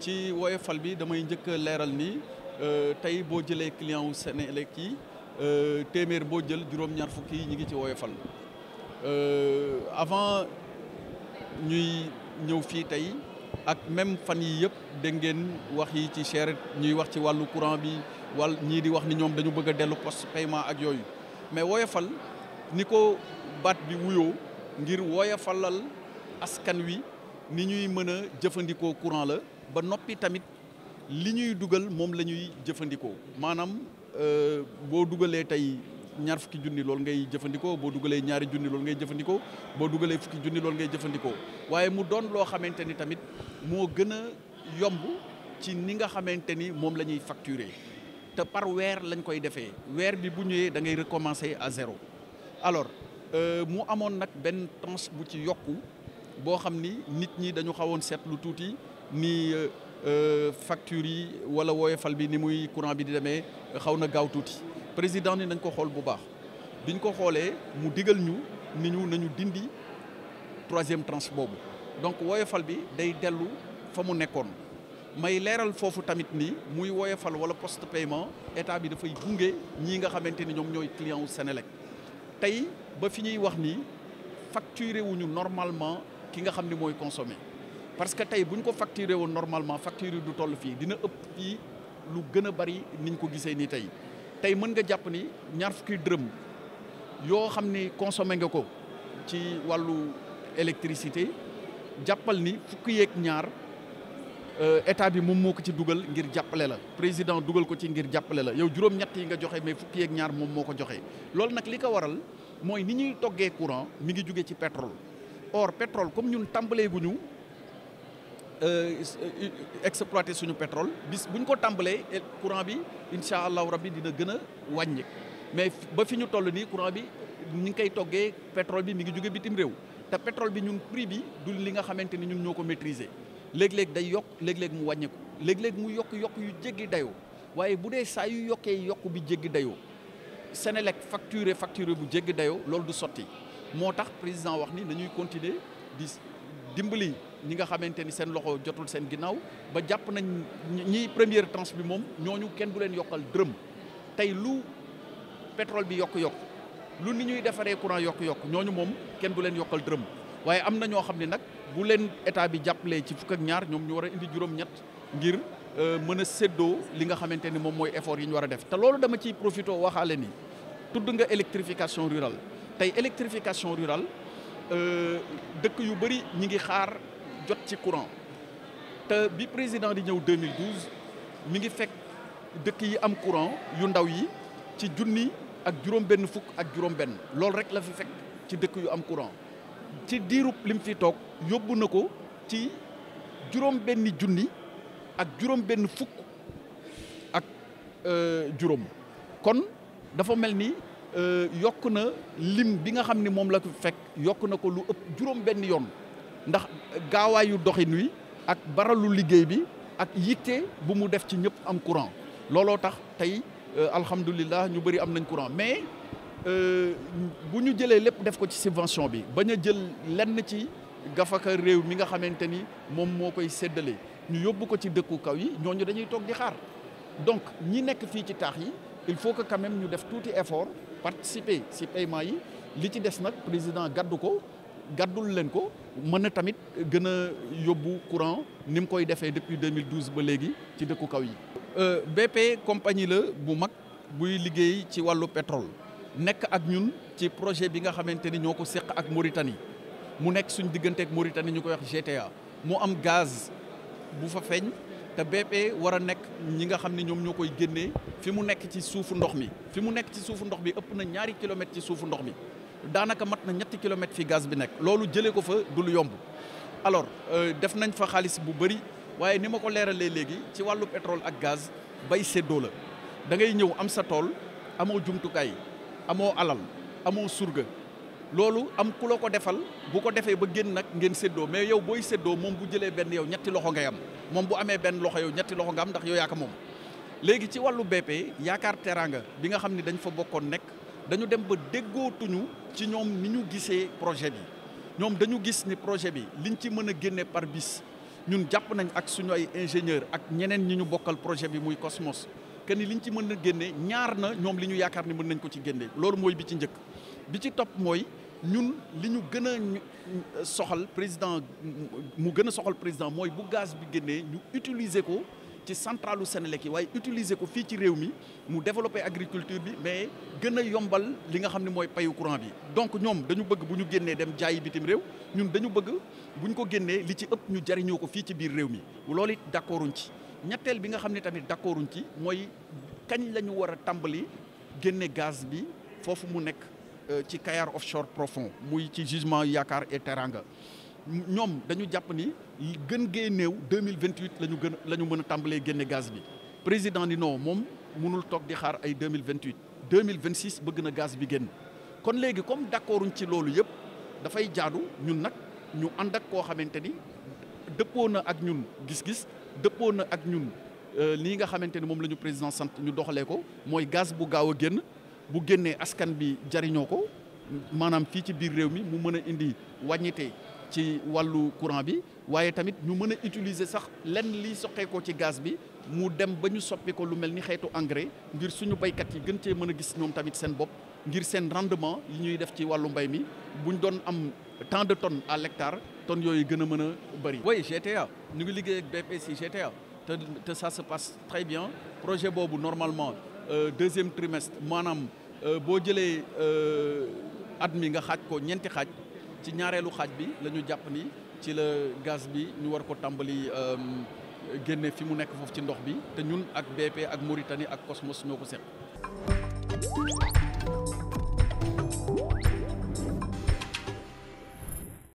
ci woyofal bi damay njëkk a leeral ni euh, tey boo jëlee client wu Senelec yi euh, téeméer boo jël juróom-ñaar fukk yi ñu ngi ci woyofal euh, avant ñuy ñëw fii tey ak même fan yi yëpp dégg ngeen wax yi ci cher ñuy wax ci wàllu courant bi wal ñii di wax ni ñoom dañu bëgg a dellu poste paiement ak yooyu mais woyofal ni ko baat bi wuyoo ngir woyofalal askan wi ni ñuy mën a jëfandikoo courant la ba noppi tamit li ñuy dugal moom la ñuy jëfandikoo maanaam euh, boo dugalee tey ñaar fukki junni loolu ngay jëfandikoo boo dugalee ñaari junni loolu ngay jëfandikoo boo dugalee fukki junni loolu ngay jëfandikoo waaye mu doon loo xamante ni tamit moo gën a yomb ci ni nga xamante ni moom la ñuy facturer te par weer lañ koy defee weer bi bu ñëwee da ngay recommencer à zéro alors Euh, mu amoon nag benn tranche bu ci yokku boo xam ni nit ñi dañu xawoon seetlu tuuti ni euh, euh, factures yi wala woyofal bi ni muy courant bi di demee xaw na gaaw tuuti président ni nañ ko xool bu baax biñ ko xoolee mu digal ñu ni ñu nañu dindi troisième tranche boobu donc woyofal bi day dellu fa mu nekkoon may leeral foofu tamit ni muy woyofal wala post paiement état bi dafay gunge ñii nga xamante ni ñoom ñooy client wu senelek tey ba fi ñuy wax nii facturé wuñu normalement ki nga xam ni mooy consommé parce que tey bu ñu ko facturé woon normalement facture du toll fii dina ëpp fii lu gën a bari niñ ko gisee nii tey tey mën nga jàpp ni ñaar fukki dërëm yoo xam ni consommé nga ko ci wàllu électricité jàppal ni fukki yeeg ñaar euh, état bi moom moo ko ci dugal ngir jàppale la président dugal ko ci ngir jàppale la yow juróom-ñett yi nga joxe mais fukki yeeg ñaar moom moo ko joxe loolu nag mooy ni ñuy toggee courant mi ngi jóge ci pétrole or pétrole comme ñun tàmbalee gu ñu euh, exploité suñu pétrole bis bu ñu ko tàmbalee eh, courant bi incha allahu rabbi dina gën a wàññi mais ba fi ñu toll nii courant bi ñu ngi koy toggee pétrole bi mi ngi jóge bitim réew te pétrole bi ñun prix bi du li nga xamante ni ñun ñoo ko maîtriser léeg-léeg day yokk léeg-léeg mu wàññeeku léeg-léeg mu yokk yokk yu jéggi dayoo waaye bu dee saa yu yokkee yokk bi jéggi dayoo Sénélec facturé facturé bu jégg dayoo loolu du sotti moo tax président wax ni nañuy continuer di dimbali ñi nga xamante ni seen loxo jotul seen ginnaaw ba jàpp nañ ñi première tranche bi moom ñoo ñu kenn du leen yokkal dërëm tey lu pétrole bi yokk-yokk lu ni ñuy defaree courant yokk-yokk ñoo ñu moom kenn du leen yokkal dërëm waaye am na ñoo xam ne nag bu leen état bi jàppalee ci fukk ak ñaar ñoom ñu war a indi juróom-ñett ngir Euh, mën a séddoo li nga xamante ni moom mooy effort yi ñu war a def te loolu dama ciy profité waxaale ni tudd nga électrification rural tey électrification rurale euh, dëkk yu bëri ñi ngi xaar jot ci courant te bi président di ñëw 2012 mi ngi fekk dëkk yi am courant yu ndaw yi ci junni ak juróom-benn fukk ak juróom-benn loolu rek la fi fekk ci dëkk yu am courant ci diirub lim fi toog yóbbu na ko ci juróom-benni junni. ak juróom benn fukk ak euh, juróom kon dafa mel ni euh, yokk na lim bi nga xam ni moom la ko fekk yokk na ko lu ëpp juróom benn yoon ndax gaawaayu doxin wi ak baralu liggéey bi ak yitte bu mu def ci ñëpp am courant looloo tax tey euh, alhamdulilah ñu bari am nañ courant mais bu ñu jëlee lépp def ko ci subvention bi bañ a jël lenn ci gafaka réew mi nga xamante ni moom moo koy séddale ñu yóbbu ko ci dëkku kaw yi ñooñu dañuy toog di xaar donc ñi nekk fii ci taax yi il faut que quand ñu def tuuti effort participer si paiement yi li ci des nag président gàddu ko gàddul leen ko mën na tamit gën a yóbbu courant ni mu koy defee depuis 2012 ba léegi ci dëkku kaw yi. Euh, BP compagnie la bu mag buy liggéey ci wàllu pétrole nekk ak ñun ci projet bi nga xamante ni ñoo ko seq ak Mauritanie mu nekk suñ diggante ak Mauritanie ñu koy wax GTA mu am gaz. bu fa feeñ te bébé war a nekk ñi nga xam ne ñoom ñoo koy génnee fi mu nekk ci suufu ndox mi fi mu nekk ci suufu ndox bi ëpp na ñaari kilomètres ci suufu ndox mi daanaka mat na ñetti kilomètres fi gaz bi nekk loolu jëlee ko fa dul yomb alors euh, def nañ fa xaalis bu bëri waaye ni ma ko leeralee léegi ci wàllu pétrole ak gaz bay séddoo la da ngay ñëw am sa tool amoo jumtukaay amoo alal amoo surga loolu am ku la ko defal bu ko defee ba génn nag ngeen séddoo mais yow booy séddoo moom bu jëlee benn yow ñetti loxo ngay am moom bu amee benn loxo yow ñetti loxo nga am ndax yow yaa moom. léegi ci wàllu BP yaakaar teraanga bi nga xam ni dañu fa bokkoon nekk dañu dem ba déggootuñu ci ñoom ni ñu gisee projet bi ñoom dañu gis ni projet bi li ñu ci mën a génne par bis ñun jàpp nañ ak suñu ay ingénieur ak ñeneen ñi ñu bokkal projet bi muy Cosmos que ni liñ ci mën a génne ñaar na ñoom li ñu yaakaar ni mën nañ ko ci génne loolu mooy bi ci njëkk. bi ci topp mooy ñun li ñu gën a euh, soxal président mu gën a soxal président mooy bu gaz bi génnee ñu utiliser ko ci centralu Senelec yi waaye utiliser ko fii ci réew mi mu développer agriculture bi mais gën a yombal li nga xam ne mooy payu courant bi. donc ñoom dañu bëgg bu ñu génnee dem jaayi bitim réew ñun dañu bëgg bu ñu ko génnee li ci ëpp ñu jariñoo ko fii ci biir réew mi loolu it d'accorduñ ci ñetteel bi nga xam ne tamit d'accorduñ ci mooy kañ lañu ñu war a tàmbali génne gaz bi foofu mu nekk. Euh, ci Kayar offshore profond muy ci gisement Yaakaar et Teranga ñoom dañu jàpp ni gën gee néew 2028 la ñu gën la ñu mën a tàmbalee génne gaz bi président ni non moom mënul toog di xaar ay 2028 2026 bëgg na gaz bi génn kon léegi comme d'accorduñ ci loolu yëpp dafay jaadu ñun nag ñu ànd ak koo xamante ni dëppoo na ak ñun gis-gis dëppoo na ak ñun euh, lii nga xamante ni moom la ñu président sant ñu doxalee ko mooy gaz bu gaaw a génn bu génnee askan bi jariñoo ko maanaam fii ci biir réew mi mu mën a indi wàññite ci wàllu courant bi waaye tamit ñu mën a utiliser sax lenn liy soqeekoo ci gaz bi mu dem ba ñu soppi ko lu mel ni xeetu engrais ngir suñu baykat yi gën cee mën a gis ñoom tamit seen bopp ngir seen rendement yi ñuy def ci wàllu mbay mi buñ doon am tant de tonnes à l'hectare tonnes yooyu gën a mën a bëri. oui GTA ñu ngi liggéey ak BPC GTA te te ça se passe très bien projet boobu normalement. Euh, deuxième trimestre maanaam euh, boo jëlee euh, at mi nga xaaj ko ñeenti xaaj ci ñaareelu xaaj bi la ñu jàpp ni ci la gaz bi ñu war ko tàmbali génne fi mu nekk foofu ci ndox bi te ñun ak BP ak Mauritanie ak Cosmos ñoo ko seq.